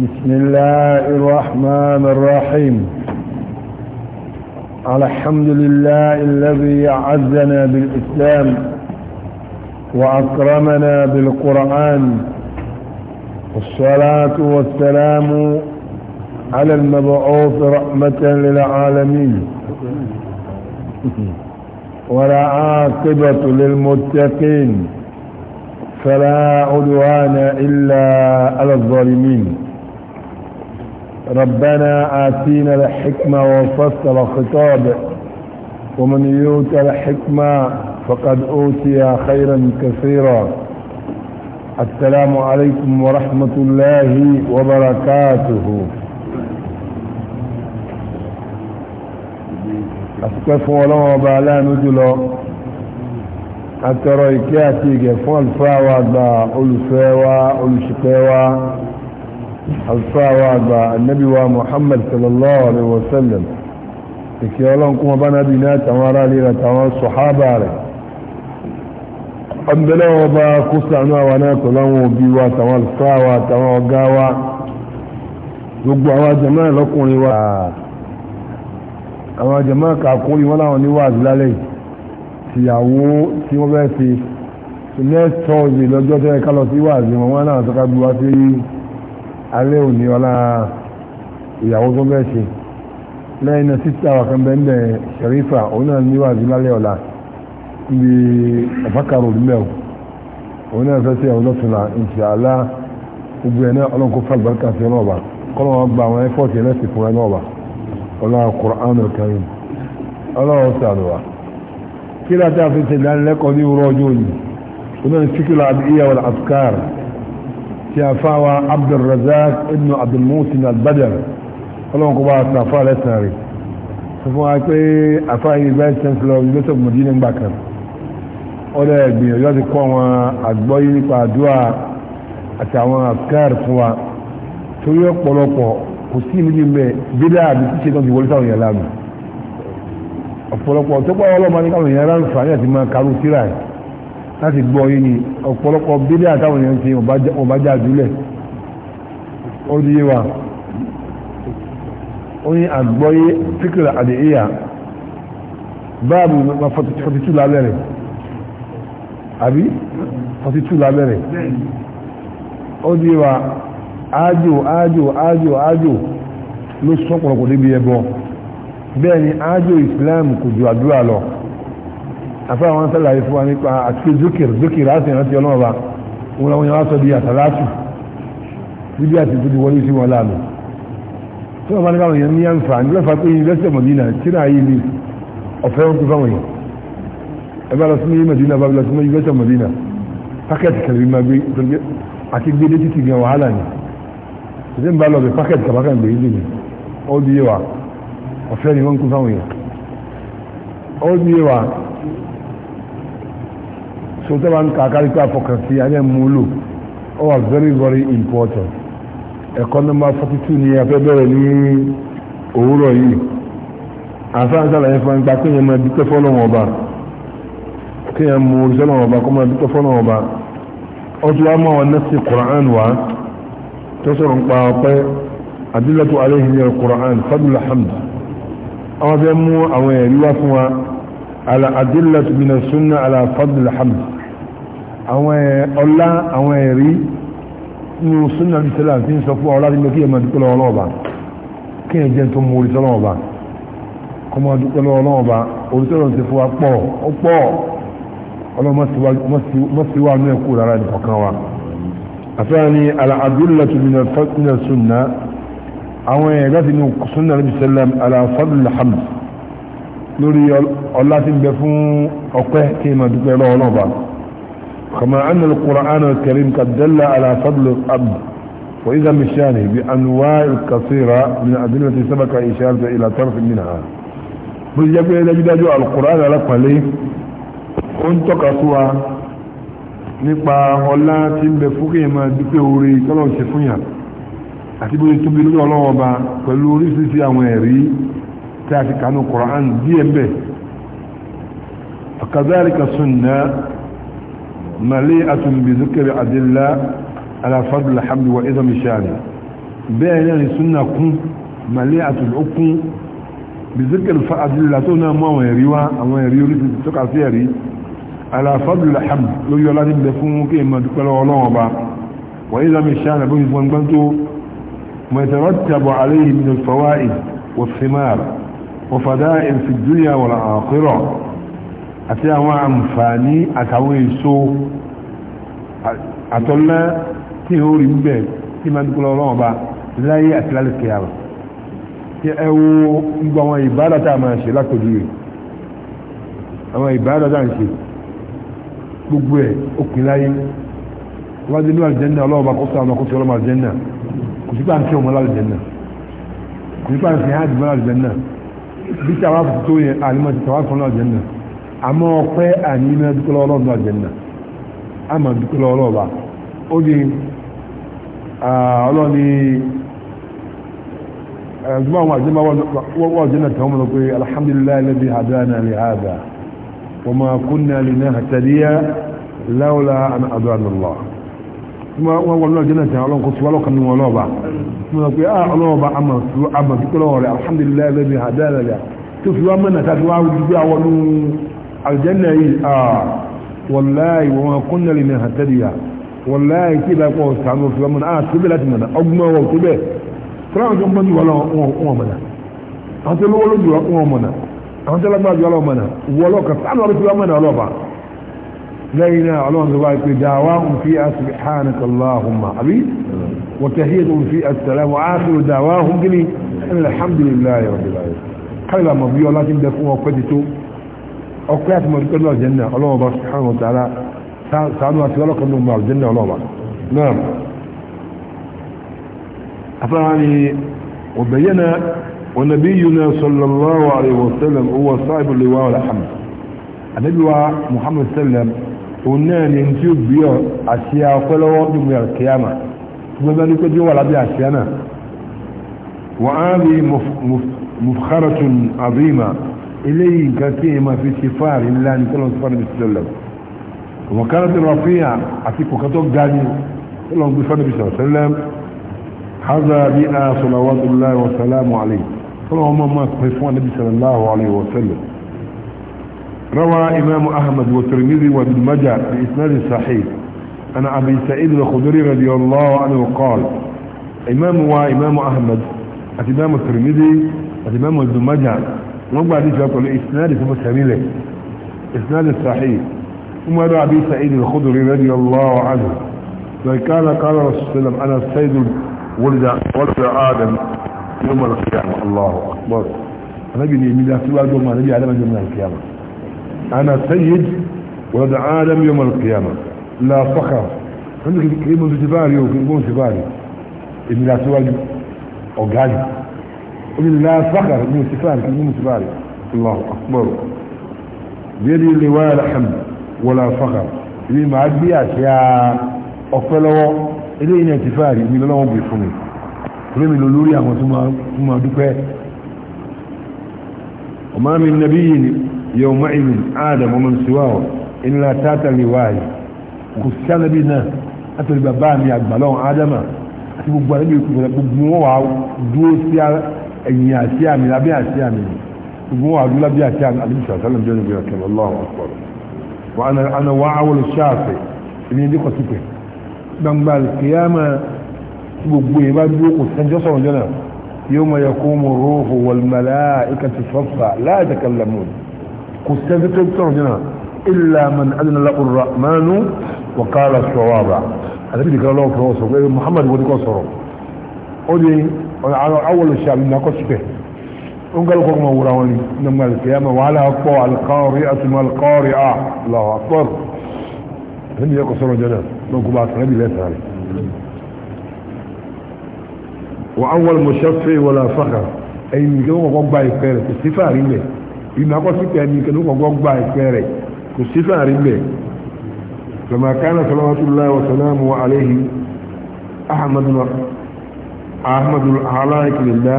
بسم الله الرحمن الرحيم الحمد لله الذي أعزنا بالإسلام وأكرمنا بالقرآن والصلاة والسلام على المبعوث رحمة للعالمين ولا عاقبة للمتقين فلا عدوان إلا على الظالمين ربنا آتينا الحكمة وفصل الخطاب ومن يوت الحكمة فقد أوتي خيرا كثيرا السلام عليكم ورحمة الله وبركاته أسكفوا لما وبعلا نجلو أترى إكياتي فالفاوة ألفاوة ألشقاوة الصاوى النبي ومحمد صلى الله عليه وسلم يكيولون كما بنا بنا تمارا لنا تمارا صحابة الحمد لله وبا كسعنا وناك لهم بيوا تمارا الصاوى تمارا قاوى gbogbo àwọn jàmáà lọ́kùnrin wa àwọn jàmáà kàkùnrin wọ́n láwọn níwà àdílálẹ̀ tìyàwó tí wọ́n bẹ́ẹ̀ fi next thursday lọ́jọ́ tẹ́ẹ̀ká lọ sí wà àdí wọn wọ́n náà tọ́ka bí sí alẹ́ òní ọlá ìyàwó tó bẹ́ẹ̀ ṣe lẹ́yìn náà sísá wà kan bẹ́ẹ̀ bẹ́ẹ̀ Sharifa òun náà níwà sí lálẹ́ ọ̀la níbi ọ̀fákàrò mẹ́wò òun náà fẹ́ sí ọ̀dọ́ tún náà ìṣàlá gbogbo ẹ̀ náà ọlọ́nkó fàlùbáríkà sí ọlọ́ọ̀bà kọ́nà wọn gba àwọn ẹ́fọ́ọ̀tì ẹlẹ́sìn fún ẹlọ́ọ̀bà ọlá يا فاوى عبد الرزاق ابن عبد المحسن البدر ọlọ́run kó bá ta afá lẹ́sàn rẹ̀ sọ fún wa pé afá yìí bá chancellor university of medina ń gbà kan ọdẹ gbìyànjú láti kọ́ àwọn àgbọ́yé nípa àdúrà àti àwọn afkar fún wa torí ọ̀pọ̀lọpọ̀ kò sí ìlú yìí bídà àbí tíṣe náà ti wọlé sáwọn èèyàn lánàá ọ̀pọ̀lọpọ̀ tó pọ̀ ọlọ́mọ ní káwọn èèyàn ránfà ní àti máa karú síra ẹ̀ láti gbọ́ yìí ni ọ̀pọ̀lọpọ̀ bílẹ̀ àtàwọn èèyàn ti ọ̀bájá àdúlẹ̀ ó di wa ó ní àgbọ́yé fíkìlà àdìyà báàbù ma 42 lábẹ́rẹ̀ àbí 42 lábẹ́rẹ̀ ó di wa ájò ájò ájò ájò ló sọ́pọ̀lọpọ̀ débi ẹbọ bẹ́ẹ̀ ni ájò ìsìláàmù kò ju àdúrà lọ afẹ́ àwọn sẹ́láyé fún wa nípa àti zikir zikir láti ìrántí ọlọ́run ọba wọn làwọn yẹn wá sọ di àtàlátù bíbí àti ìtúdí wọlé sí wọn láàmú tí wọn bá ní káwọn yẹn ní àǹfààní lọ́fà pé yunifásitì mọ̀dínà tíra yìí ni ọ̀fẹ́ wọn ti fáwọn yẹn ẹ bá lọ sí ní mọ̀dínà bá lọ sí ní yunifásitì mọ̀dínà pákẹ́tì kẹlẹ́bí máa gbé àti gbédé títì gan wàhálà ni ṣe ń bá lọ bẹ pákẹ́tì kàbákà ń so tó bá ń ka kárí pé àfọkànsí ayé múlò ó wà very very important ẹ̀kọ́ nọ́mbà forty two ni afẹ́ bẹ̀rẹ̀ ní òwúrọ̀ yìí àfáàn sàlàyé fún ẹgbà kéèyàn máa dúpẹ́ fọ́lọ́wọ́n ọba kéèyàn mú oríṣẹ́ lọ́wọ́n ọba kó máa dúpẹ́ fọ́lọ́wọ́n ọba ó ti wá mọ́ àwọn nẹ́ẹ̀sì Qur'an wá tó sọ̀rọ̀ ń pa ọpẹ́ adillatu alayhi ní Qur'an fadul hamd àwọn fẹ́ mú àwọn ẹ̀rí wá fún wa ala adillatu min as-sunnah fadul hamd àwọn ọlá àwọn ẹ̀rí nínú súnà bí sẹ́lá tí ń sọ fún ọlá nígbà kí ẹ máa dúpẹ́ lọ́wọ́ ọlọ́ọ̀bá kí ẹ jẹ́ tó mú orí sọ́lọ́ ọba kọ́ máa dúpẹ́ lọ́wọ́ ọlọ́ọ̀bá orí sọ́lọ́ ti fún wa pọ̀ ó pọ̀ ọlọ́mọ sí wa ní ẹ̀kú rárá ní ọ̀kan wa àfẹ́rẹ́ ni al-adillatu min súnà àwọn كما أن القرآن الكريم قد دل على فضل الأب وإذا مشانه بأنواع كثيرة من الأدلة التي سبق إشارة إلى طرف منها بالجبع إلى جداجة القرآن لك لي كنت قصوى نقبع الله تنبى فوقه ما دكي وري كما شفنيا àti bóyí tóbi lórí ọlọ́wọ́ ọba pẹ̀lú oríṣiríṣi àwọn ẹ̀rí tí a fi kànú Qur'an díẹ̀ مليئة بذكر أدلة على فضل الحمد وإذا مشانه بين السنة يعني مليئة الأكم بذكر فأدلة تونا نعم، ما ويريوا أما يريوا لتتقع سيري على فضل الحمد لو يولاد بفهمك إما دكال ولوبا وإذا مشانه بفهمك بنتو ما يترتب عليه من الفوائد والثمار وفدائل في الدنيا والآخرة àti àwọn àǹfààní àtàwọn èso àtọ́lá tí ó rí bẹ̀ tí ma ń dúkọ́ lọ́wọ́ ọba láyé àti lálẹ́kẹ̀ẹ́ àrùn tí ẹ wo gbogbo àwọn ìbádọ́ta máa ṣe lápòjú rẹ̀ àwọn ìbádọ́ta ń ṣe gbogbo ẹ̀ òkè láyé wọ́n dé ní àlùjẹ́nà ọlọ́ọ̀bá kó sọ àwọn akọ́sọ ọlọ́mọ àlùjẹ́nà àmọ́ ọpẹ́ àní iná dúkọ́lọ́ ọlọ́run àjẹ́nà àmà dúkọ́lọ́ ọlọ́ọ̀bá ó di ọlọ́ni ẹ̀zùmọ́ àwọn àjẹ́mà wọ́n àjẹ́nà tàwọn mọ̀ pé alhamdulillah alladhi hadana li hadha wa ma kunna linahtadiya lawla an hadana Allah wọ́n náà tẹ́ ọlọ́run kò síwá lọ́kàn nínú ọlọ́ọ̀bá mo sọ pé á ọlọ́ọ̀bá àmà dúkọ́lọ́ rẹ̀ alhamdulillah alladhi hadana li hadha fi wá mọ́nà tàbí wá wọ́n aljanna yìí ah wallahi wọn kúnnà lè mẹ́hàn tẹ́lẹ̀yà wallahi tí ìbá pọ̀ sànú fi wọn náà tó bẹ́ láti mọ̀nà ọgbọ́n wọn tó bẹ́ tíráwọn tó ń bọ́jú wọn mọ̀nà àwọn tó lówó lójú wọn mọ̀nà àwọn tó lágbára jù wọn mọ̀nà wọlọ́ ka sànú ọ̀rọ̀ tí wọn mọ̀nà ọlọ́ba lẹ́yìn náà ọlọ́run tó bá pè dáwà ń fi subhanaka allahumma àbí وتحية في السلام وآخر دعواهم قلي الحمد لله رب العالمين قال ما بيو لكن دفعوا وقدتوا أوقات ما ذكر الله جنة الله أكبر سبحانه وتعالى سعدوا أتوالك من النار جنة الله أكبر نعم فعني وبينا ونبينا صلى الله عليه وسلم هو صاحب اللواء والحمد النبي محمد صلى الله عليه وسلم ونان ينتيب بيا أشياء كل وقت من القيامة ماذا نقول جوا لبيا أشياء وآلي مف... مف... مفخرة عظيمة إليه كثير ما في سفار إلا أن الله سفار وسلم وكانت الرفيع أتيك وكتوك داني الله عليه وسلم هذا بيئة صلوات الله وسلام عليه كلهم ما سفار نبي صلى الله عليه وسلم روى إمام أحمد وترمذي وبالمجع بإثنان الصحيح أن أبي سعيد الخدري رضي الله عنه قال إمام وإمام أحمد أتمام الترمذي أتمام الدمجع وما حديث يقول إسناد متملك إسناد صحيح ثم يدعى أبي سعيد الخدري رضي الله عنه فكان قال رسول الله عليه وسلم أنا سيد ولد ولد آدم يوم القيامة الله أكبر النبي من الله سوى دوما نبي آدم يوم القيامة أنا سيد ولد آدم يوم القيامة لا فخر عندك كلمة سفاري وكلمة سفاري إن الله سوى أوغاني ومن لا فخر من سفان من سفان الله أكبر بيدي لواء الحمد ولا فخر إذا ما عاد بياش يا أفلو إذا إن اعتفاري من الله بيفهمي كل من لولي أما ثم ثم دكه وما من نبي يومئذ آدم ومن سواه إلا تات لواء كسان بنا أتل بابا مي أقبلون آدم أتل بابا مي أقبلون آدم اني اسيام لا بي اسيام هو عبد الله بي اسيام عليه الصلاه والسلام جل جلاله كما الله اكبر وانا انا واول الشافعي اني دي قصيت دم بال قيامه بغبو يبا دوكو سنجو سون جل يوم يقوم الروح والملائكه صفا لا يتكلمون كستفت سون جل الا من اذن له الرحمن وقال الصواب هذا بيقول له محمد ودي كو صرو أول الشعب ناقص به انقل لكم وراوني لما القيامة وعلى أقوى القارئة ما القارئة الله أكبر هم يقصر الجنة من قبعة النبي لا تعالي وأول مشفع ولا فخر أي من كانوا قبع الكارة استفاء رمي إما قصد أن كانوا قبع الكارة استفاء رمي فما كان صلوات الله وسلامه عليه أحمد مرحب ahmadu alárìkì lè dá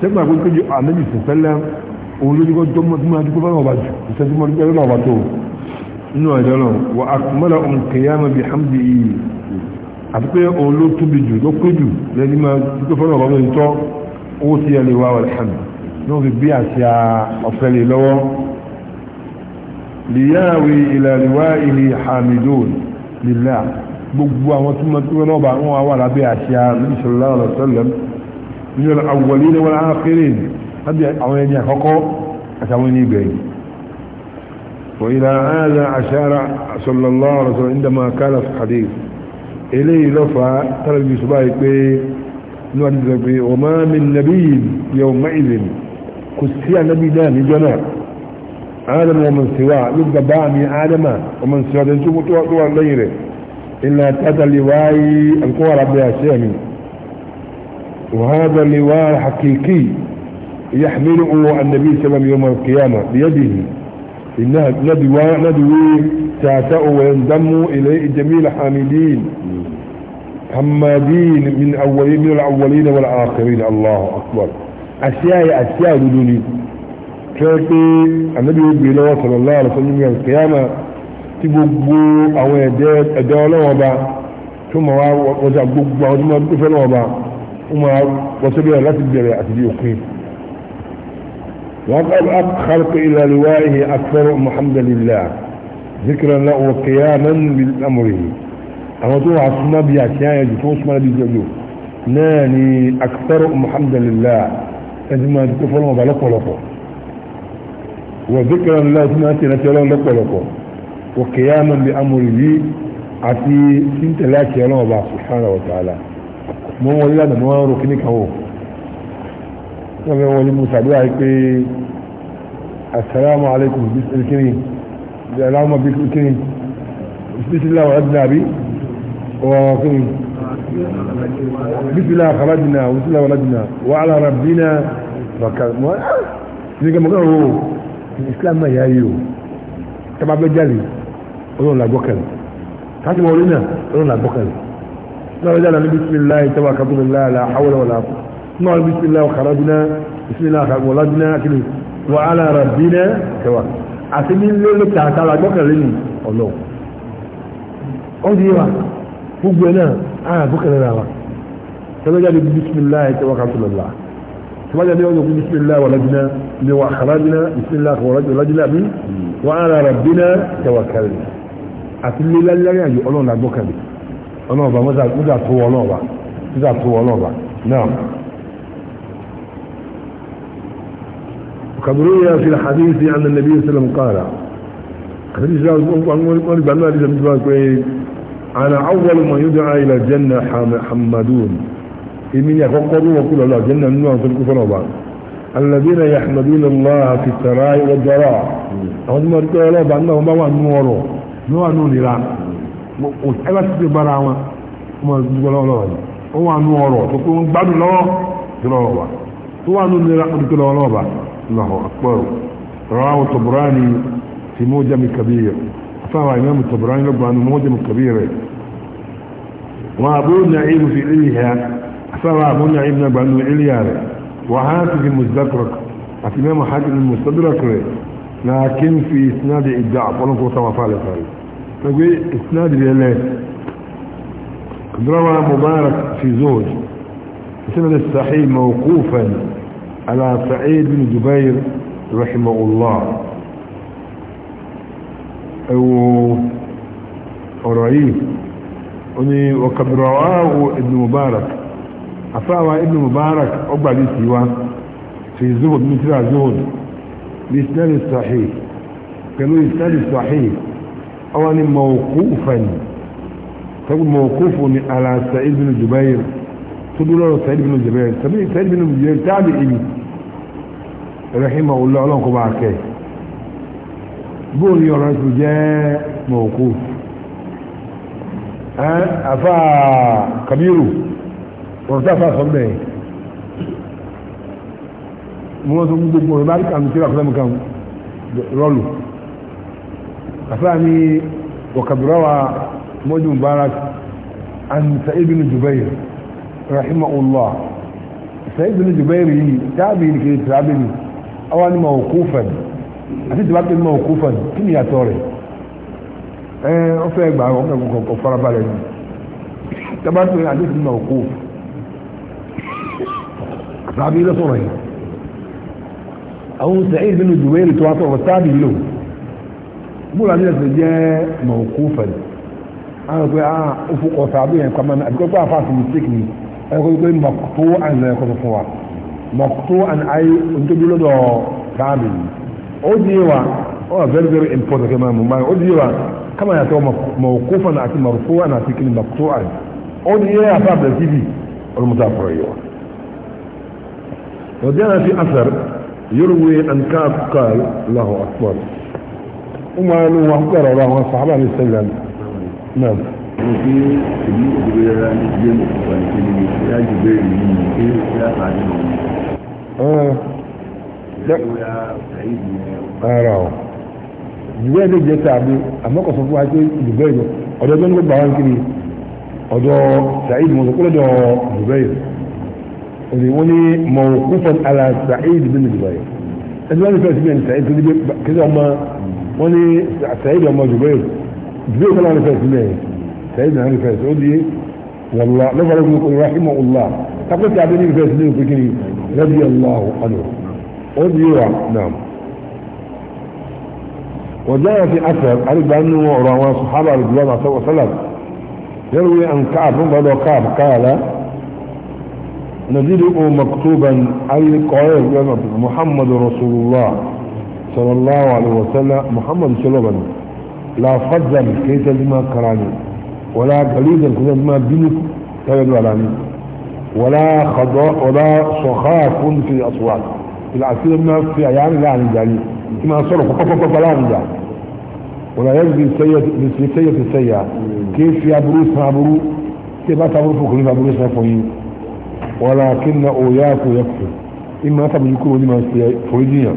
tẹ́gbà pé kéjì ànábì sẹ̀sẹ́lẹ̀ òun ló dígbọ́ jọmọ́ tí máa dúpọ́ náà wà jù ìṣẹ́jú mọ́ dúpọ́ náà wà tó nínú ẹ̀jọ́ náà wà àkùmọ́lá òun um kẹyàmà bí hamdi yìí àti pé òun ló tóbi jù ló pé jù lẹ́ni máa dúpọ́ náà wà tó tọ́ ó sì yẹ lè wá wà lẹ́hàmì náà fi bí àṣà ọ̀fẹ́ lè lọ́wọ́ lìyáwé ìlàlíwá ìlì hamidun lillah gbogbo àwọn tí wọ́n náà bá wọ́n wà lábẹ́ àṣà sallallahu وإلى هذا أشار صلى الله عليه وسلم عندما قال في الحديث إليه لفا ترى بسبايك وما من نبي يومئذ كسيا نبي ده نجنا آدم ومن سواه يبقى بامي آدم ومن سواه ينسوا طوال غيره إلا هذا اللواء القوى ربي أسامي وهذا اللواء الحقيقي يحمله النبي صلى الله عليه وسلم يوم القيامة بيده إنها ندوى ندوي ندوي تأتأ وينضم إليه جميل حامدين حمادين من أولين من الأولين والآخرين الله أكبر أشياء أشياء دوني كيف النبي صلى الله عليه وسلم يوم القيامة tí gbogbo àwọn ẹ̀dẹ́ ọlọ́wọ́ bá tó mọ̀ wá wọ́sà gbogbo àwọn tó mọ̀ tó bá ó mọ̀ wọ́sẹ̀ bẹ̀rẹ̀ láti bẹ̀rẹ̀ àti bí òkú وقد أخرت إلى لوائه أكثر محمد لله ذكرا له وقياما بالأمره أما تو عصمنا بيا كيان يجي تو عصمنا ناني أكثر محمد لله أجمع كفر وبلق ولقو وذكرا له ثم أتي لقو لقو وقياما بأمره عتي سنت لا كيلو الله سبحانه وتعالى mo wọlé lánàá ni wọ́n ń ro kíní kan wò wọ́n fẹ́ wọlé mo sàdúrà yìí pé asalaamu alaykum bisil kíní bí aláwọ̀ bisil kíní bisilá wà ládùn àbí wọ́n kíní bisilá kàlájìnà bisilá wà ládùn wà á lára bínà bàkà mọ́ ní kí mo kàn wò islam náà yá yìí o tábà bẹ́ jáde ọlọ́run làgbọ́kẹ̀lẹ̀ káàkiri mọ̀ orí náà ọlọ́run làgbọ́kẹ̀lẹ̀ náà wọ́n jáde ní bisimilayi tẹ́wà kábùnilá àlà àwọlẹ̀ wọ̀lá náà wọ́n bisimilayi ọ̀kàràbìnà bisimilayi ọ̀kàràbìnà kiri wà á lára bìnà tẹ́wà àti ní lórí tààtà làgbọ́kẹ̀lẹ̀ ni ọlọ́run ó di wa gbogbo ẹ̀ náà á gbọ́kẹ̀lẹ̀ rà wa tẹ́wà jáde bisimilayi tẹ́wà kábùnilá ثم جاء يقول بسم الله ولدنا وأخرجنا بسم وعلى ربنا توكلنا àti lílá lẹ́rìn àjò ọlọ́run agbọ́kẹ̀lẹ̀ ọlọ́ọ̀bà mọ́sà tó wọ ọlọ́ọ̀bà mọ́sà tó wọ ọlọ́ọ̀bà náà قد روي في الحديث عن النبي صلى الله عليه وسلم قال حديث أنا أول من يدعى إلى الجنة حمدون إمن يقول وكل الله جنة من نوع الكفر وبعض الذين يحمدون الله في السراء والضراء هم قالوا بأنهم ما نوره ní wà nù nira ẹ bá ti ti bára wọn ọmọ ìdúgbò lọ́wọ́ lọ́wọ́ yìí ó wà nù ọ̀rọ̀ tó kó ń gbádùn lọ́wọ́ lọ́wọ́ wa tó wà nù nira ọdún lọ́wọ́ lọ́wọ́ bá lọ́wọ́ akpọ̀rọ̀ rọ́wọ́ tọ̀bùránì ti mú jẹ́mi kabir afáwà ìmọ̀ tọ̀bùránì lọ́gbàánu mú jẹ́mi kabir rẹ̀ wọn àbúrò ní àìlú fi ìlú yẹn afáwà àbúrò ní àìlú náà gbàánu ìlú yẹn rẹ̀ wọ́n ti fi mùsùlùmí àti mẹ́mọ̀ hajj ní mùsùlùmí rẹ̀ لكن في إسناد الدعاء ولم كنت مفعل فعل فبي اسناد الهلال روى مبارك في زوج سند الصحيح موقوفا على سعيد بن جبير رحمه الله او ورئيس وقد رواه ابن مبارك أفاوى ابن مبارك أبع لي سوا في زهد مثل زهد بإسناد الصحيح كانوا يسناد الصحيح àwọn ni mawqufan tàbí mawqufun ni ala Sa'id bin Jubair tó dúró lọ́rọ̀ Sa'id bin Jubair tàbí Sa'id bin Jubair tábì ibi rahimahullah ọlọ́nkọ́ bá kẹ́ bóòlù yọ̀rọ̀ tó jẹ́ mawquf afa kabiru ọ̀rọ̀ tá a fà mo wọ́n sọ gbogbo ọ̀rọ̀ bá kàmù tí wà kọ́lẹ́mù kàmù rọ́lù أفاني وقد روى مود مبارك عن سعيد بن جبير رحمه الله سعيد بن جبير تابعين كي تابعين أولا موقوفا أتيت بقى موقوفا كم يا توري ọfẹ ẹgbà ọfarabalẹ̀ ni tabatu yẹn adé sinmi ọkọ sábì lọ sọ̀rọ̀ yìí àwọn sẹyìn nínú ìdùwé ètò wa sọ̀rọ̀ sábì lò bóòlù àmì ẹ̀sìn jẹ́ mọ̀ọ́kú fẹ̀lẹ̀ àwọn pé ah òfu ọ̀sà àbí ẹ̀kọ́ mọ́ni àbíkọ́ pé àfa mistake ni ẹ̀kọ́ pé mọ̀kútó àná ẹ̀kọ́ fún wa mọ̀kútó àná ayé ntóbi lọ́dọ̀ káàbì ó di wa ó wà very very important báyìí ó di wa kama yàtọ̀ mọ̀ọ́kú fẹ̀lẹ̀ àti mọ̀kútó àná àti kìnnì mọ̀kútó ó di yẹ tv yìí wa. ọmọ ẹnu wọn pẹ̀rọ ọ̀rọ̀ àwọn sàábà ní sẹ́lẹ̀ náà. mo fi èmi òkúrò yára ní ilé ìwà ìpele ní ṣé àjò bẹ́ẹ̀ ní ní ṣé ṣé àpàdé wọn. ara o ìwé ẹni jẹ tàbí àmọkọsọ fún wa pé ìdùbẹ yìí ọ̀dọ̀ ẹgbẹ́ nígbà wọn kiri ọ̀dọ̀ Sa'id mọsokúlẹ dọ ìdùbẹ yìí òní wọn ni mọ òkú ala Sa'id bin ìdùbẹ yìí ẹni wọn ni fẹsí bẹ́ẹ̀ ní Sa'id tó ní kí ni ọmọ. مالي سعيد لما جبير جبير طلع نفاس الله سعيد لما نفاس قل لي والله نفر ابنكم رحمه الله تقلت يا بني نفاس الله وفكري رضي الله عنه قل لي نعم وجاء في أثر أريد أنه رواه صحابة رضي الله عليه وسلم يروي أن كعب من بعد وكعب قال نجده مكتوبا أي قائل محمد رسول الله صلى الله عليه وسلم محمد صلى الله عليه وسلم لا فضل كيف لما كراني ولا قليلا كيف لما بنك تبدو علاني ولا خضاء ولا صخاف في الأصوات العسير ما في عيان لا عن جاني كما صرف قطط لا عن جاني ولا يجري السيئة بالسيئة السيئة كيف يا بروس مع بروس كيف تبروس كيف يبروس ما فهي ولكن أوياك يكفر إما تبدو كل ما فريدين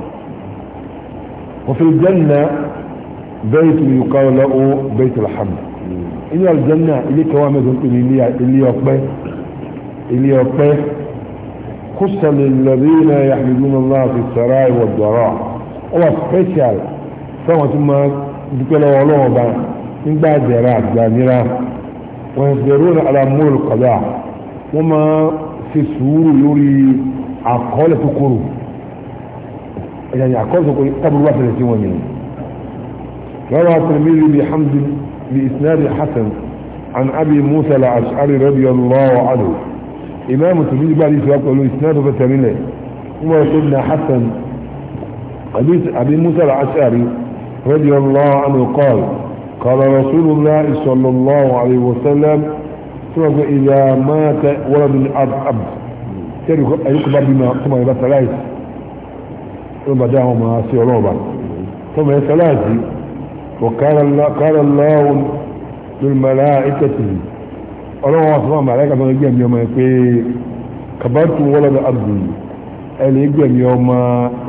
وفي الجنة بيت يقال له بيت الحمد إلى الجنة إلي كوامد إلي يقبه إلي يقبه خصة للذين يحمدون الله في إلى إلى هو سبيشال فهو ثم ذكر إلى من بعد إلى إلى إلى على أمور القضاء وما في سهول يري عقالة إلى يعني عكازه قبل واحد الاهتمام منه روى الترمذي بحمد بإسناد حسن عن أبي موسى الأشعري رضي الله عنه إمام الترمذي بعد الشباب قالوا إسناده فتمنه ثم سيدنا حسن حديث أبي موسى الأشعري رضي الله عنه قال قال رسول الله صلى الله عليه وسلم ثم إذا مات ولد الأب أب ترك أيكبر بما ثم يبقى عليه ثم دعهما سعروبا ثم يسلاته وقال الله قال الله للملائكة الله أصلا ملائكة من يجيهم يوم يكي كبرت ولد أرضي قال يجيهم يوم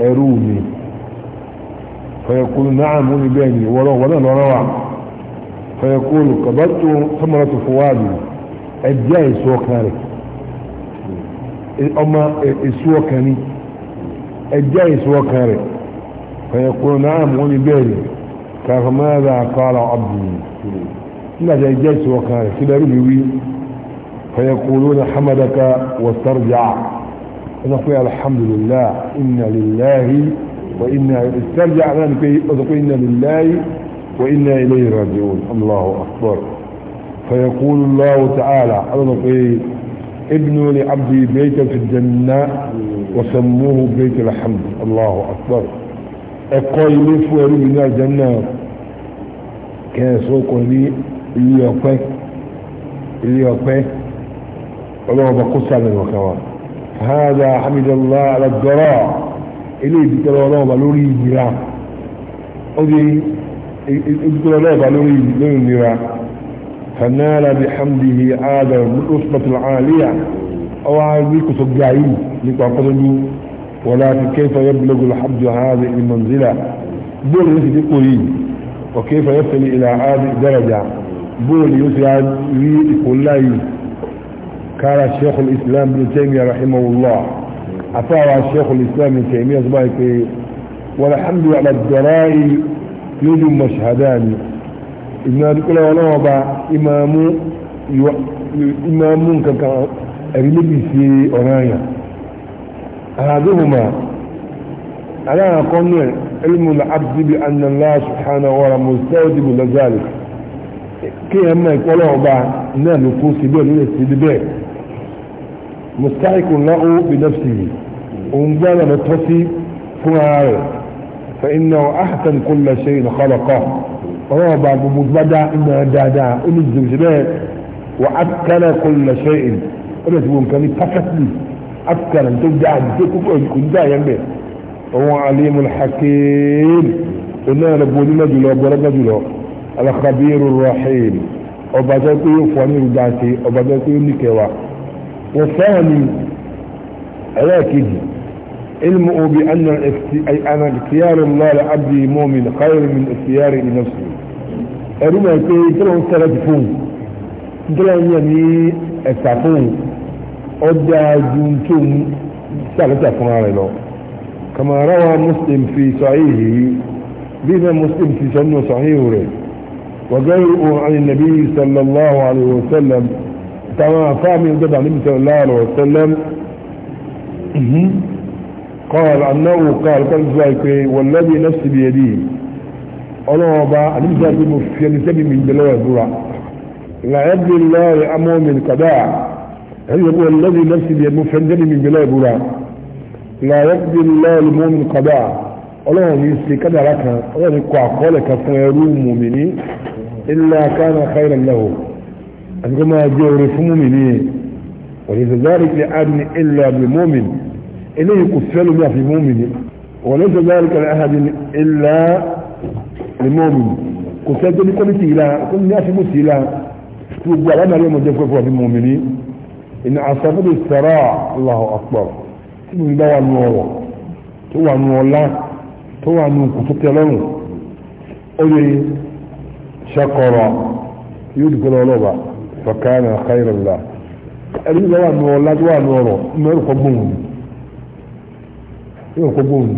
أروني فيقول نعم هني بيني وله ولا نروع فيقول كبرت ثمرة فوادي أجاي سوى كارك أما سوى كاني الجائس وكاره فيقول نعم ومن بيلي كيف ماذا قال عبدي لا الجائز وكاره كده رجوي فيقولون حمدك واسترجع ونقول الحمد لله إنا لله وإنا استرجع إنا لله وإنا إليه راجعون الله أكبر فيقول الله تعالى أنا نقول ابنوا لعبدي بيتا في الجنة وسموه بيت الحمد الله أكبر القائل فوق من الجنة كان سوق لي اللي يقف اللي يقف الله بقص على وكوان هذا حمد الله على الدراء إليه بكرة الله بلوري جرام أودي بكرة الله بلوري جرام فنال بحمده آدم بالأسبة العالية أو عايزيك تجاهيه لتعقدني ولكن كيف يبلغ الحمد هذه المنزلة بول يسد قوي وكيف يصل إلى هذه الدرجة بول يسعد كله قال الشيخ الإسلام بن تيمية رحمه الله أطاع الشيخ الإسلام بن تيمية صباحك والحمد على الدرائي يجم مشهدان ìmọ̀ àdúgbò ọlọ́wọ́ ọba ìmọ̀ mú kankan ẹ̀rí níbi ìṣe ọ̀ràn àyàn àràdúhùmá aláàrán kan náà ilmu abdibi annala subhana wara mustaudibu lazali kí ẹ mọ ìpọlọ ọba náà ló kó síbẹ̀ ló lè síbi bẹ́ẹ̀ mustaikun láwọ bìnafsìyì òun gbọ́dọ̀ lọ tọ́sí fún ara rẹ̀ fa inna ahsan kulla shay'in khalaqa ọlọ́wọ́ bá gbogbo gbádá ńlá dáadáa ó ní jìbìtì bẹ́ẹ̀ wà á kára kó lè ṣe é ó lè ti wọ nǹkan ní pátákì á kára tó dáa tó kókó kò ní dáa yẹn bẹ́ẹ̀ òun alimu hakim oní jùlọ alakabiru rahim ọba tó kó yóò fọ́ ní ìdáǹtì ọba tó kó yóò níkẹwàá wọ́n fẹ́ràn ní ẹlẹ́ẹ̀kejì علمه بان انا اختيار الله لعبدي مؤمن خير من اختياري لنفسي ارينا كي تلو تلفون تلو يمي يعني اسافون ودا جنتم سالتا فرانا كما روى مسلم في صحيحه بما مسلم في سنه صحيحه وغيره عن النبي صلى الله عليه وسلم تمام فاهم النبي صلى الله عليه وسلم قال أنه قال قال إزايك والذي نفسي بيديه أنا با أن يزايك مفيني سبي من بلا ذرا لا يبدي الله أمو من قداع هل هو الذي نفسي بيد مفيني من بلا ذرا لا يبدي الله أمو من قداع الله يسلي كذا لك الله يقع قولك فيرو مؤمنين إلا كان خيرا له أنكما جورف مؤمنين ولذلك لأبن إلا بمؤمن إليه يكفلوا ما في مؤمن وليس ذلك لأحد إلا المؤمن كفلت لكم تيلا كل ناس مسيلا تقول لما اليوم جفوا في المؤمنين إن عصابه السراع الله أكبر من دوا النور توا النور لا توا النور كفت لهم أولي شكرا يدخل الله فكان خير الله أولي دوا النور لا توا نور مرقبون yóò kó bóòlù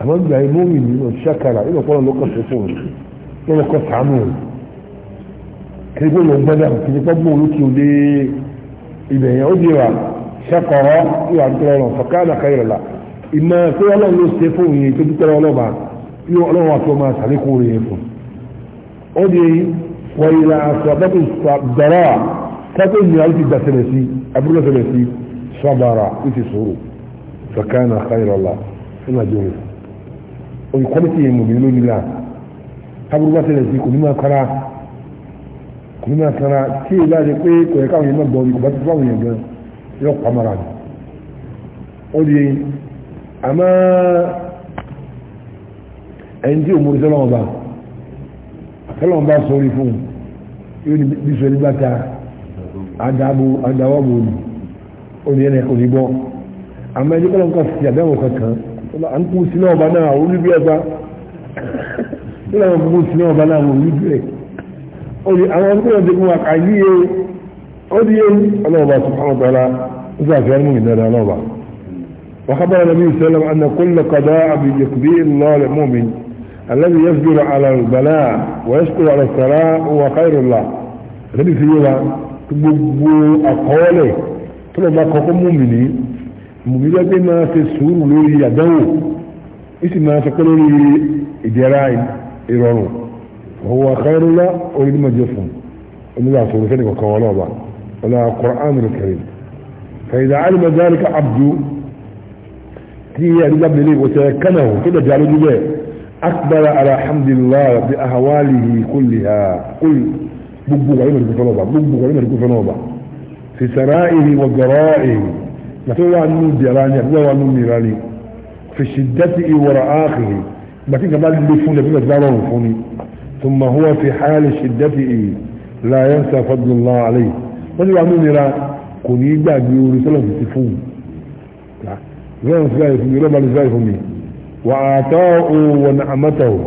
àmọ́ gbà yí bóòlù yìí lọ ṣàkàrà yóò kọ́ lọ́kọ̀ tó fún un yóò lọ́kọ̀ sàánù kí ló lọ gbọ́dọ̀ kí ló kọ́ bóòlù kí o dé ibẹ̀ yẹn ó di wa ṣàkọ̀rọ̀ yóò àdúrà lọ fọ̀ká àdàkà yẹrẹ la ìmọ̀ pé rẹ̀ yẹn fún ó di wọ́n yìí sí abúlé sí sọ́bàrà ó فكان خير الله إما جوز ويقومتي المؤمنون الله قبل ما تلسي كل ما قرأ كل ما قرأ تي لا يقوي كي يقوم يمام دوري كبات فاوي يقوم يقوم مران قولي أما عندي أمور سلام الله سلام الله سوري فون يوني بسوري باتا أدابو أدابو أدابو أدابو أدابو àmọ́ ẹjọ́ kọ́lọ́ nǹkan fi àdáwọ̀ kankan à ń kú sínú ọba náà olúbi ọba ó làwọn kú sínú ọba náà olúbi ẹ̀ ó di àwọn ọdún ọdún wa kà yí e ó di yé ọlọ́ọ̀bà subhanahu wa ta'ala ó sì àfihàn mú ìdára ọlọ́ọ̀bà. وخبر النبي صلى الله عليه وسلم أن كل قضاء بيقضيه الله للمؤمن الذي يصبر على البلاء ويشكر على الثراء هو خير الله. النبي صلى الله عليه وسلم gbogbo àkọọ́lẹ̀ tó lọ bá kọ́kọ́ mú mi ní mùmílẹ́gbẹ́ máa ṣe sùúrù lórí àdánwò ìsì máa ṣe pé lórí ìdẹ̀ra ìrọ̀rùn ọ̀wọ́ akẹ́rọ́lá orílẹ̀-èdè fún onígbà sọ̀rọ̀ fẹ́ni kọ̀ọ̀kan wọn náà bá wọn Al-Qur'an Al-Karim فإذا علم ذلك عبد هي رجب لي وتيكنه كده جعله جبه أكبر على حمد الله بأهواله كلها كل بقبق عمر كفنوبة بقبق عمر كفنوبة في سرائه وجرائه في شدته وراء آخره لكن كمان اللي فوني فيك زارو فوني ثم هو في حال شدته لا ينسى فضل الله عليه فلو أنا نو ميرا كوني جا جيوري سلام في فون زين زاي فوني رب اللي زاي فوني وعطاؤه ونعمته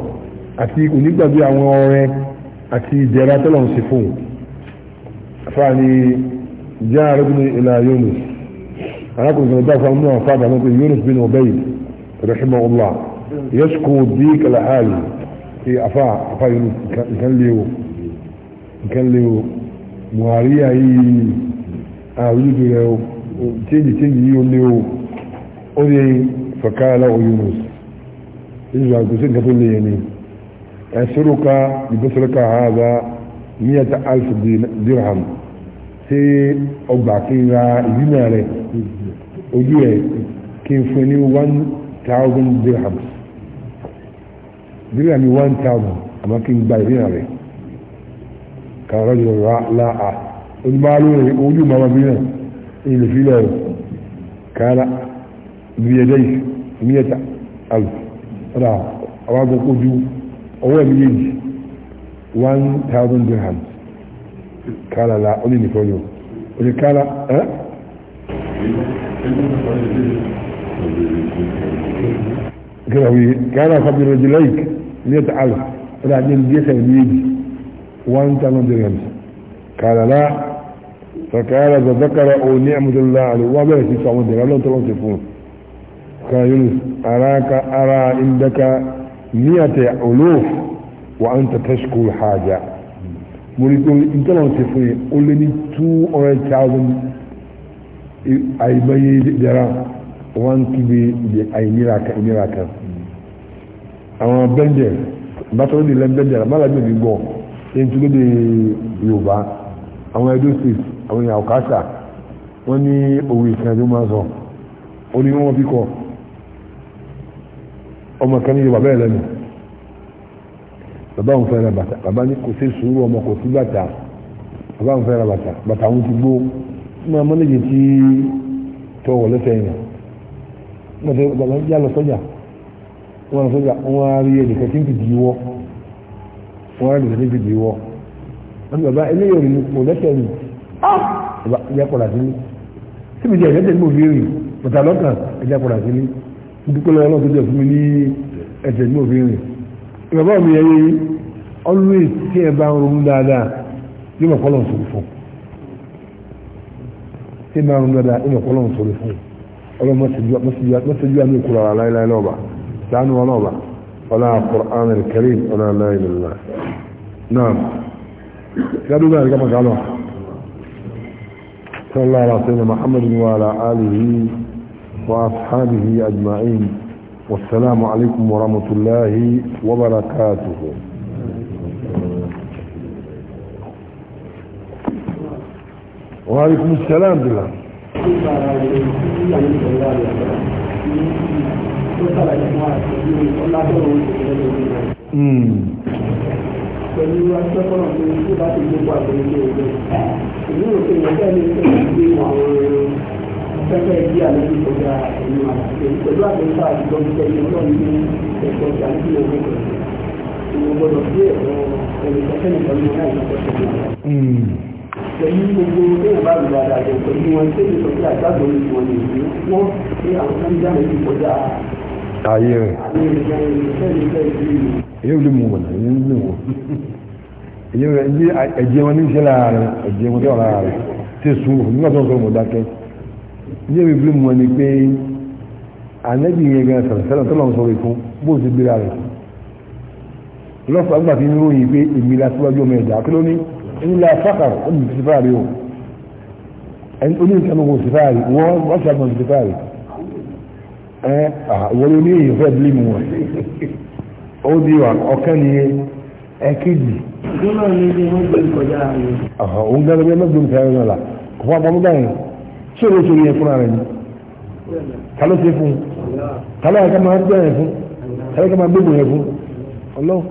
أتي كوني جا جي عمره أتي جرات لهم سفون فاني جاء رجل إلى يونس أراكم كنت دافع أمه عن ابن يونس بن عبيد رحمه الله يشكو الديك لحاله في أفا أفا يونس كان له كان له مواريا هي أعوذ له تيجي تيجي يقول له أولي فقال له يونس يجب أن تسير كتول لي يعني أسرك ببصرك هذا مئة ألف درهم سي أو بعقيرة ينالي ojú ẹ̀ kí n fún ní one thousand dirhams dirham one thousand àmọ́ kí n gba ìrìnà rẹ̀ kàrọ̀ jù rà láà olùmọ̀lú rẹ̀ ojú màmá mi náà ilẹ̀ fílẹ̀ rẹ̀ kàrà bìyẹ̀dẹ̀ ìmíyẹ̀ta àlù ọ̀dà àwọn àgbọ̀kọ̀ ojú ọwọ́ mi yéjì one thousand dirhams kàrà là ó ní nìkan yóò ó ní kàrà ẹ́ gẹ̀rọ̀wì gánà kọ́bí rọ̀jì lọ́ìk ní ẹ̀tà àlù ọ̀dà àjẹ́ ní ẹ̀sẹ̀ méjì one thousand dirhams kàlàlá فقال فذكر او نعمة الله عليه وما يسيس عمد الله تلو تفون قال يونس اراك ارى عندك مئة الوف وانت تشكو الحاجة مريد انت لو تفون قل لي 200,000 àìmọye jẹra wọ́n kíbi àìnira kan àwọn bẹ́ńjẹ̀ bàtọ́lódì lẹ́ńbẹ́ńjẹ̀ bàlájú mi gbọ́ ẹni tó lédè Yorùbá de Edo state àwọn èèyàn ọ̀kásà wọ́n ní òwe ìsìn tó máa sọ ó ní wọ́n fi kọ́ ọmọ o ní Yorùbá bẹ́ẹ̀ lẹ́nu bàbá òun fẹ́ ra bàtà bàbá ní kò sí sùúrù ọmọ kò sí bàtà bàbá òun fẹ́ ra bàtà bàtà òun ti gbó máa mọ́nìjì ti bàbá yà lọ sọ́jà wọ́n lọ sọ́jà wọ́n á rí ẹnìkan tí ń fìdí wọ́ wọ́n á rí ẹnìkan tí ń fìdí wọ́ wọ́n ti bàbá eléyìí òní kò lẹ́sẹ̀ mi ah! bàbá ìyá padà sí mi síbi jẹ́ ìrẹ́sẹ̀ mi ò fi rìn bàtà lọ́kàn ìyá padà sí mi dúpẹ́ lọ́wọ́ náà tó jẹ́ fún mi ní ẹsẹ̀ always tí ẹ bá ń ronú dáadáa yóò mọ̀ kọ́ lọ́n tí máa ń dada ẹ̀mọ̀ kọ́ lọ́wọ́ sọ̀rọ̀ fún ọlọ́run mọ́síjú àmì kúrò ara láìláì lọ́ba sáánù ọlọ́ba ọlá Qur'an al-Karim ọlá láìláìlá náà gádùgbà rẹ̀ gama gálọ́ sọ́lá ara sẹ́yìn muhammadu wa ala alihi wa ashabihi ajma'in wassalamu alaikum wa rahmatullahi wa barakatuhu وعليكم السلام بالله امم pẹ̀lú aṣọ́kọ̀rọ̀ tó ń bá ti gbogbo àtẹ̀lẹ́gbẹ̀ ẹgbẹ́. Ìlú òkè ìyàgbẹ́ ni ó ti gbé àwọn afẹ́fẹ́ bí àlejò kọjá ìlú àti pẹ̀lú àtẹ̀lẹ́gbà àtijọ́ ń tẹ̀lé ọlọ́run ní ẹ̀kọ́ ti àti ìwọ̀n kọjá. Ìwọ̀n gbọ́dọ̀ sí ẹ̀rọ ẹ̀rọ ìfẹ́fẹ́ nìkan ní ọ̀la ìlú pẹ̀lú gbogbo tó wà báyìí dáadáa jẹ pẹ̀lú wọn tó lè sọ pé àgbàdo ní wọn lè ní wọn pé àwọn tó ń jáde ní kọjá. ayé rẹ yóò lè mú wọn náà yóò lè wọn rẹ ní ẹ̀jẹ̀ wọn ní ìṣe lára rẹ ẹ̀jẹ̀ wọn tó lára rẹ ti sùn nígbà tó ń sọ wọn dákẹ́ ní èmi bí mu ni pé ànẹ́bí yẹn gan sàrẹ̀sẹ̀lá tó lọ́n sọ rẹ̀ fún bó ti gbéra rẹ̀ lọ́sọ̀ọ́ àgbà fi ń ròyìn pé èmi la síwájú ọmọ ẹ̀dá kí ló ní إلا فقر أم سفاري يوم الأولين كانوا سفاري وأشهر من سفاري ولوني يفاد لي مو أودي وان أوكاني أكيد أها وإن قال بي مدون كايونا لا كفا بمضاين شو شو يكون على دي كالو سيفون كالو كما هدى يفون كالو كما بيبو يفون الله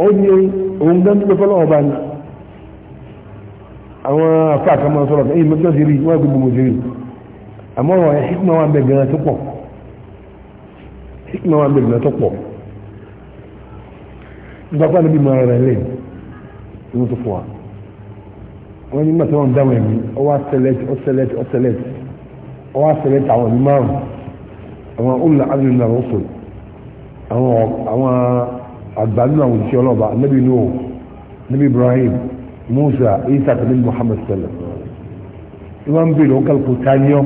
ó ní òun gán tó fọ́lọ́ ọba ni àwọn afá kan máa sọ̀rọ̀ èyí mọ́tò sí rí wọ́n gbogbo mo sí rí àmọ́ ọ̀rọ̀ ẹ̀ hikma wà bẹ̀ gan tó pọ̀ hikma wà bẹ̀ gan tó pọ̀ nípa pàdé bí mo rẹ̀ lè ní tó fọ́ wa wọ́n ní mọ̀tò wọn dáwọn ẹ̀mí ọ wá ọ select ọ select ọ wá àwọn ẹ̀mí márùn àwọn olùlà àdúrà náà wọ́n fò àwọn àwọn àgbàdo àwọn òṣìṣẹ́ ọlọ́ba nabi nuhu nabi ibrahim musa isa tàbí muhammad sallam ìwọ́n ń bè lọ kálukú tánìọ́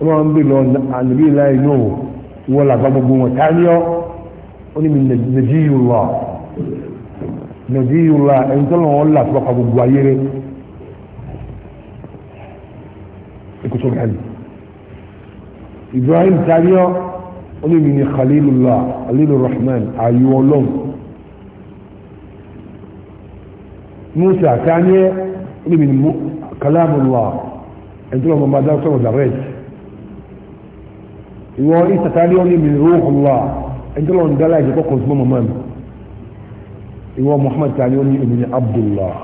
ìwọ́n ń bè lọ ànàbí láì nuhu wọ́n làbá gbogbo wọn tánìọ́ ó ní mi nàjíyùlá nàjíyùlá ẹni tó lọ́wọ́ là fún ọkọ̀ gbogbo ayé rẹ̀ ìkùsọ̀ ibrahim tánìọ́ oníbi ni khalilullah khalilu rahman ayò ọlọ́run musa taniẹ oníbi ni kalamullah ẹ̀dúrà ọmọ bàdá sọ̀rọ̀ direct ìwọ ìsàtàlẹ́ oníbi ni ruhullah ẹ̀dúrà ọmọ dálá ìjẹ́kọ́ kọ̀ súnmọ́ mọ́mọ́ mi ìwọ muhammad taniẹ oníbi ni abdullah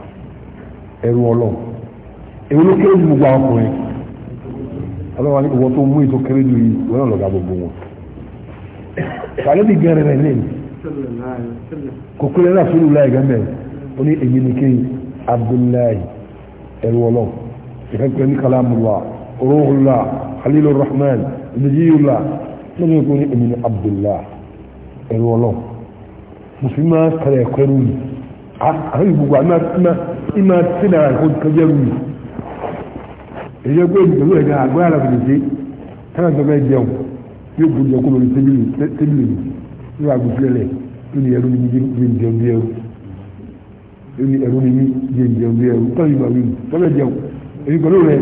ẹ̀rù ọlọ́run èwo ló kéré ju gbogbo àwọn ọkùnrin ọlọ́run ìwọ tó mú ètò kéré ju ìwọ náà lọ́gà gbogbo wọn fàlẹ́bí gẹ́rẹ́ rẹ̀ lẹ́nu kò kúrẹ́ náà fún ìlú ẹ̀gẹ́mẹ́ ó ní èyí ni kéyìn abdullahi ẹ̀rù ọlọ́ ìfẹ́pẹ́ ní kalamula ruhula khalilu rahman nijiyula lọ́nà ìkó ní èyí ni abdullahi ẹ̀rù ọlọ́ musulmi máa kẹrẹ̀ kẹrù yìí àwọn ìgbùgbà ìmá tí náà kó kẹjẹrù yìí èyí ẹgbẹ́ ìgbẹ̀rù ẹ̀gẹ́ àgbẹ́ àlàfẹ́ yóò bu jẹ kó lórí tébìlì tébìlì ní wàá gbèsè lẹ lórí ẹrú ni mi jẹ ń jẹun bí ẹrú lórí ẹrú ni mi jẹ ń jẹun bí ẹrú tọ́jú ìgbà mi tọ́jú jẹun èyí pẹ̀lú rẹ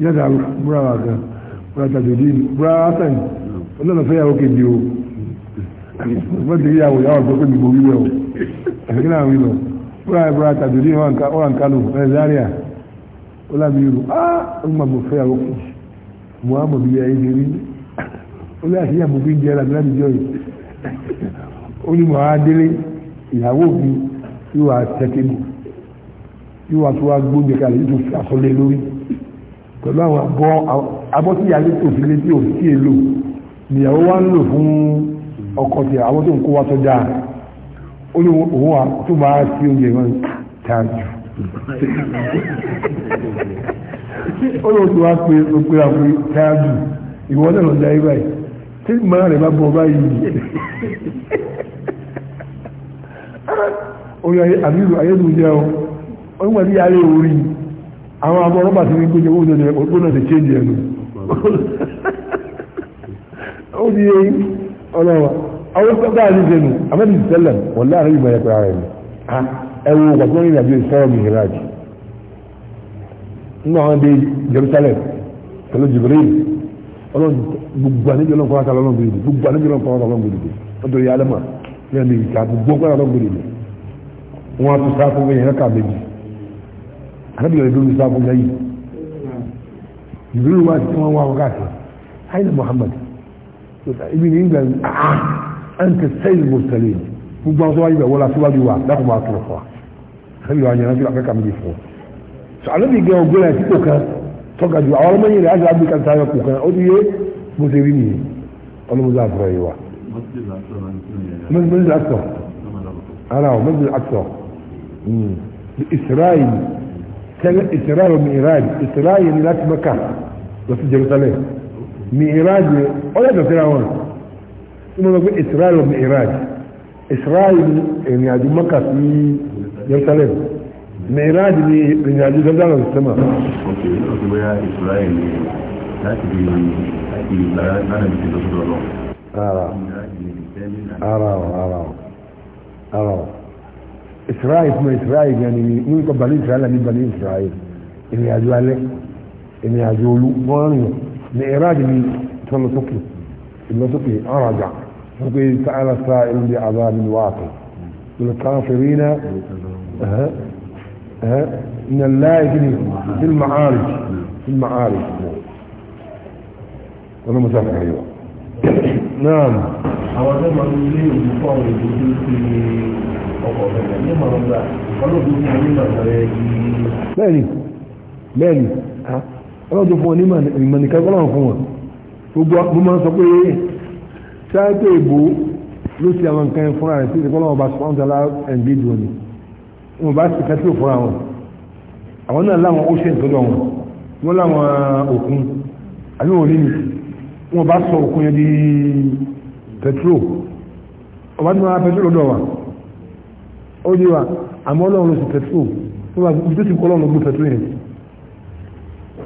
yàtọ̀ àbúrò àwọn kan búra tàbí òdì búra sàn ọlọ́nà fẹ́ yàwó kejì o wọ́n ti yàwó yàwó àgbọ̀ pé mi kò wíwẹ̀ o àfikún àwọn wíwẹ̀ búra búra tàbí òdì ọ̀ràn kálù ẹ̀ záríà ọlọ́mìíràn ah ọgbà mo fẹ́ yàwó kejì muhammadu yà é ó yà sí àbùkù ń jẹrà láti jọ yìí ó ní mọ̀ adélé ìyàwó mi yóò wá tẹ́tẹ́bù yóò wá tó wá gbóúnjẹ kalẹ̀ yóò tó fi àsọlé lórí pẹ̀lú àwọn abọ́ abọ́ tí ìyá tó fi lé tí ò sí èlò ìyàwó wa ń lò fún ọkọ tí àwọn tó ń kó wá sọjà ó ní òun wa tó máa sí oúnjẹ wọn tààjù ó lóun tó wá pé ó pé àpò tààjù ìwọ náà lọ da ibà yìí. tí màá rẹ̀ bá bọ̀ báyìí orí àmìlú ayélujára wọ́n wọ́n ní ayé orí àwọn abọ́ rọ́bà tí wọ́n gbójẹ́ oúnjẹ ní ọgbọ́n náà ti chéjì ẹnu ó ní ọlọ́wà àwọn wọ́n láàrin ìgbà ẹ̀mí ní ìrìnàjò ìsọ́rọ̀ nínú àwọn pẹ̀lú ọlọ́run gbogbo àníjọ lọ́n kọ́ra kálọ́ lọ́n gbèrè gbogbo àníjọ lọ́n kọ́ra kálọ́ lọ́n gbèrè ọdọ yà lẹ́mà ní ẹni ìka gbogbo kọ́ra lọ́n gbèrè wọn a tún sáfù wẹ̀ yẹn ká méjì ànábìyà rẹ̀ lórí sáfù yẹn yìí ìbílẹ̀ wa ti wọn wá wọn káàkiri haile muhammad ibi ní ìgbà ah ẹn tẹ sẹ́yìn mọ̀sálẹ̀ gbogbo àwọn tó wáyé bẹ̀ wọlá síwájú wa dákùnmọ́ àtúrọ̀ fún wa ànábìyà wa yẹn tọ́ka jù àwọn ọlọ́mọ yìí rẹ̀ àti àgbékan tayọ kù kan ó ti yé bó ṣe rí nìyí ọlọ́mọdé àfọ̀rọ̀ yìí wa. mọ́sídìí àtọ̀ ara ọ̀ mọ́sídìí àtọ̀ hmm. israel tẹ́lẹ̀ israel mi'raj israel ni láti mẹ́kà lọ sí jerusalem mi'raj ọlọ́dọ̀ síra wọn tí wọ́n sọ pé israel mi'raj israel ìrìn àjò mẹ́kà sí jerusalem mẹ́ráàjì ni ìrìnàjò sọ́dọ̀ sọ́mà. ọ̀kẹ́ ọ̀kẹ́ bóyá Israel ni láti fi láti ìlara lánàá ti lọ sọ́dọ̀ lọ. ara ara ara ara Israel fún Israel gan ni ní kò balẹ̀ Israel ní balẹ̀ Israel ìrìnàjò alẹ́ ìrìnàjò olú wọ́n rìn mẹ́ráàjì ni ìtọ́lọ́sókè ìlọsókè ọ̀rọ̀ àgbà wọ́n pe sa'ala sa'il bi azabin waqi lil من الله في المعارج في المعارج ولا مسافة أيوة نعم bẹ́ẹ̀ni bẹ́ẹ̀ni ọlọ́dún fún ọ ní ìmọ̀nìkan ọlọ́run fún wọn gbogbo mo máa ń sọ pé ṣáájú ìbò ló ṣe àwọn nǹkan fúnra rẹ̀ sí ìdíkọ́ ọlọ́run bá sọ́ńtà láàrín ẹ̀ǹgéjì wọn ni wọn bá sì kẹ́sí òfin àwọn àwọn náà láwọn ocean tó lọ wọn wọn láwọn uh, òkun àbí wọn rí ni wọn bá sọ òkun yẹn di petrol ọba tí wọn ra petrol lọ́dọ̀ wa ó di wa àmọ́ ọlọ́run ló sì petrol tó bá tó ti kọ́ ọlọ́run ló gbé petrol yẹn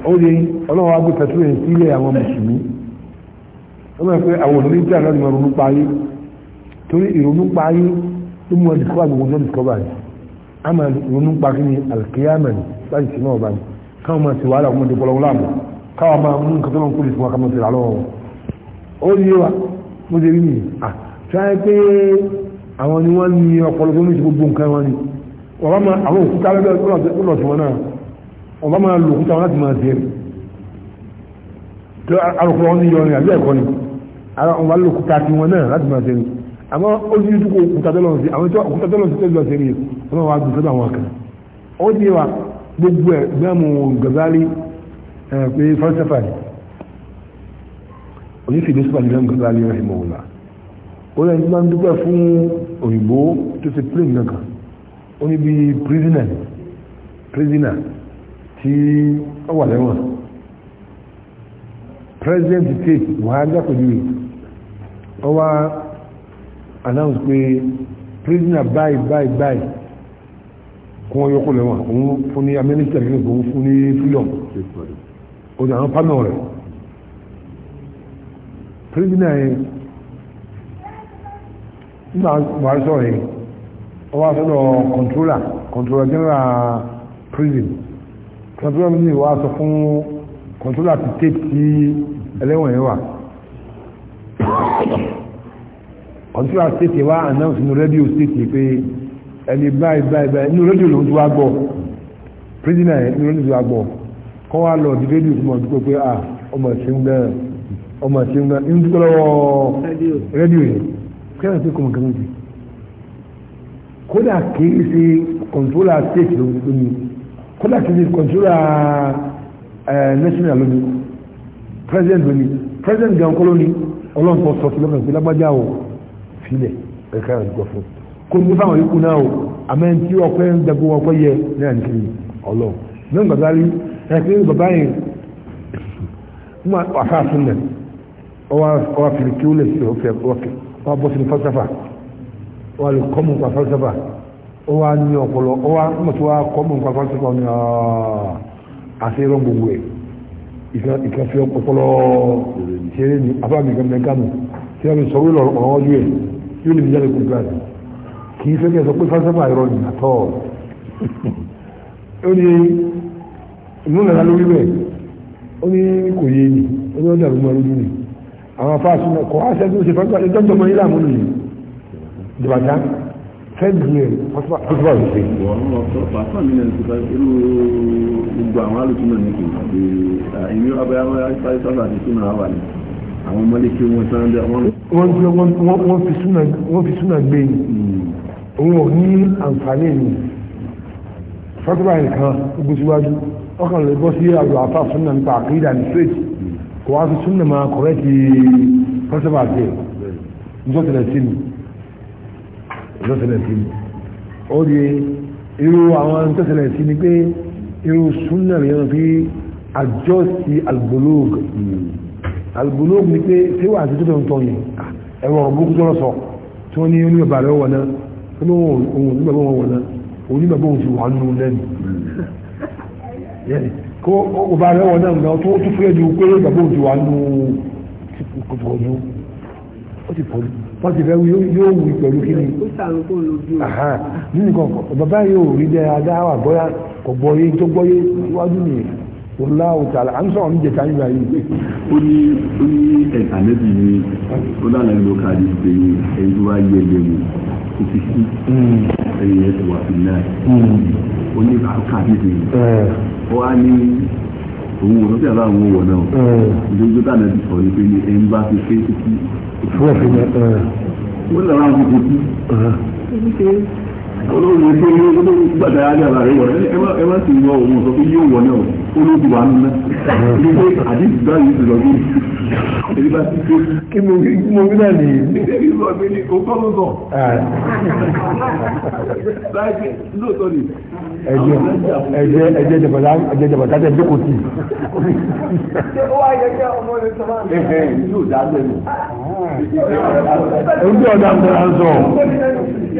ó di ọlọ́run wa gbé petrol yẹn sílé àwọn mùsùlùmí wọ́n máa fẹ́ àwọn òní jà lọ́dún ìrònú parí torí ìrònú parí ló mú ọ dìkọ́ àgbègbè náà dìkọ́ báyìí ama ronú pàkí ni alkiyama ni láti sinú ọba ni káwọn máa ti wàhálà ọmọ ìdìbò lọ́wọ́ láàmú káwọn máa mú nǹkan tó máa ń kúrò fún wa ká máa o rà lọ́wọ́ ó yé wa mo ṣe rí mi à ṣáà pé àwọn ni wọ́n ní ọpọlọ tó ní ti gbogbo nǹkan wọn ni wọ́n bá máa àwọn òkúta lọ́dọ̀ lọ́dọ̀ tí wọ́n náà wọ́n bá máa lo òkúta wọn láti máa tiẹ̀ tó arúgbó wọn ní yọ ni àbí ẹ̀kọ́ ni àwọn bá lo òkúta tiwọn náà láti máa tiẹ̀ Ama ó ti dúkò òkúta tọ́lọ̀ sí àwọn ìtọ́ òkúta tọ́lọ̀ sí tẹ́lọ̀ sí rí ọmọ wa gbèsè àwọn kan ó ti wà gbogbo ẹ̀ gbẹ́mù Ghazali pé falsafa ni onífìdí sípà nílẹ̀ Ghazali rẹ̀ mọ̀ wùlà ó lẹ́yìn tí wọ́n dúpẹ́ fún òyìnbó tó ti plane kankan ó ní bí prisoner prisoner tí ó wà lẹ́wọ̀n president state Buhari jákòjú rẹ̀ announce pé prisoner báyìí báyìí báyìí kún ọyọ kó lẹ́wọ̀n òun fún ní amẹ́nísítà kí ni òun fún ní freedom o ní àwọn pánọ rẹ̀ prisoner yẹn nígbà wàá sọ̀rọ̀ yẹn wọ́n wá sọ́dọ̀ controller controller general prison controller mi wá sọ fún controller ti tape ti ẹlẹ́wọ̀n yẹn wà. ọ̀tí wa stéètì wa announce inú rédíò stéètì pé ẹni báyìí báyìí báyìí inú rédíò lòún ti wá gbọ́ prisoner yẹn inú rédíò ti wá gbọ́ kọ́ wa lọ di rédíò tó mọ̀ dúpọ̀ pé à ah, ọmọ ìṣẹ́ ń gan ọmọ ìṣẹ́ ń gan inú dúpọ̀ lọ́wọ́ rédíò yẹn kẹ́rin pé kọ́mọ kẹ́rin ti kódà kìí ṣe kọ̀ǹtólà stéètì lómi kódà kìí ṣe kọ̀ǹtólà eh, national lómi president lómi president gan kọ́ lómi ọlọ́run tó sọ sí lọ́kàn sílẹ̀ ẹ̀ka ìgbọ̀ fún kò ní fáwọn yòókù náà o àmọ́ ẹni tí ọkọ ẹ̀ ń dagun ọkọ yẹ náà ní kiri ọlọ́run náà bàbá rí ẹ̀kẹ́ bàbá yẹn mú àfáàfin nẹ̀ ọwọ́ àfìrí kí ó lè sílẹ̀ ọ̀fẹ́ ọ̀kẹ́ ọwọ́ bọ́ sínú falsafa ọwọ́ àlè kọ́mù nípa falsafa ọwọ́ ní ọpọlọ ọwọ́ mọ̀tò wa kọ́mù nípa falsafa ọ̀nà àṣẹ ìrọ̀ gbogbo ẹ̀ ìkàfẹ́ ọpọlọ ṣeré ní abáàmì gàmẹ́gàmù tí wọ́n fi sọ wílọ̀ ọ̀rọ̀ ọdún yẹn yóò lè jáde gbogbo àti kì í fẹ́ kí ẹ sọ pé fásáfà irọ́ ni àtọ́ ó ní inú nàlá lórí bẹ́ẹ̀ ó ní kò yé ni ó ní ọjà ló máa lójú ni àwọn afáàsù náà kọ́ àṣẹ tó ṣe fásáfà ẹjọ́ tó mọ ilé àmúlò yìí jìbàtà fẹ́ẹ̀dì ẹ̀ fásáfà ló ṣe. pàṣẹ mi lẹ́nu tó irú gbogbo àwọn alùpùpù náà ní kì í àti ìmú abẹ́yàmọ́ sáfà àti súnmọ́ àwọn ọmọdé kí wọ́n sáńdẹ̀ wọ́n wọ́n fi súnà gbé ni òun ò ní àǹfààní ni fọ́tíbà nìkan gbogbo síwájú ọkàn lè bọ́ sí àlọ́ àfà súnà nípa àkídà ní straight kò wá fi súnà máa correct fọ́tíbà tẹ̀ ǹjọ́ tẹ̀lẹ̀ sí mi ǹjọ́ tẹ̀lẹ̀ sí mi ó di irú àwọn ǹjọ́ tẹ̀lẹ̀ sí mi pé irú súnà rẹ̀ yẹn fi adjust the albolog. Mm alùgbòlóògùn ni pé tí wà àti títọ̀ ń tọ́ ni ẹ̀rọ ọ̀rọ̀ burúkú tọ́rọ sọ tí wọ́n ní oníbàbà rẹ̀ wọ̀ náà tí wọ́n ohun oníbàbà wọn wọ̀ náà oníbàbà òun ti wà nù lẹ́nu kó ọba rẹ̀ wọ̀ náà náà tó tún fúyẹ́ ju pé bàbá òun ti wà nù pọ̀jù ó ti pọ̀jù wọ́n ti fẹ́ yóò wù pẹ̀lú kí ni nínú kan bàbá yóò rí jẹ́ adáwà bọ́yá kò tó gbọ́yé wájú nìyẹn Allahu ta'ala à ń sọ̀rọ̀ níjẹ̀ ká nígbà yìí. ó o ó ní ẹ̀ka lẹ́bi ni ó dáná ẹ̀rọ káàdì ìpè ní ẹni o bá yẹ ẹgbẹ́ mi kò fi sí hmm. ẹ̀yìn o wà sí náà hmm. ó ní káàdì ìpè ní ó wá ní òun wò lọ́sẹ̀ bá àwọn wọ̀ náà hmm. ìdójú dáná ti sọ̀rọ̀ ní pé ní ẹni bá fi pé títí. wọ́n fi ní ẹ̀ wọ́n lọ́wọ́ àwọn fi olóòrùn ní pé olóòrùn gbàdá ajá ara rẹ̀ wọ̀rẹ́ ẹ má sì yọ òun sọ pé yóò wọ̀ náà olóòrùn wà nínú náà ní pé àdìsí bá yìí ti lọ bí èyí bá ti tó. kí mo kí mo wí náà nìyí. nítorí sọ pé ní òkọ́ ló sọ. láti lóòótọ́ ni. ẹ̀jẹ̀ ẹ̀jẹ̀ ẹ̀jẹ̀ jàpàtà ẹ̀jẹ̀ jàpàtà tẹ̀ jókòó tì. ṣé ó wá yẹ kí ọmọ rẹ sọ máa ń bẹ. ẹ ẹ yóò dá lẹ́nu. ojú ah. ọ̀dà ń bẹ̀rẹ̀ sọ.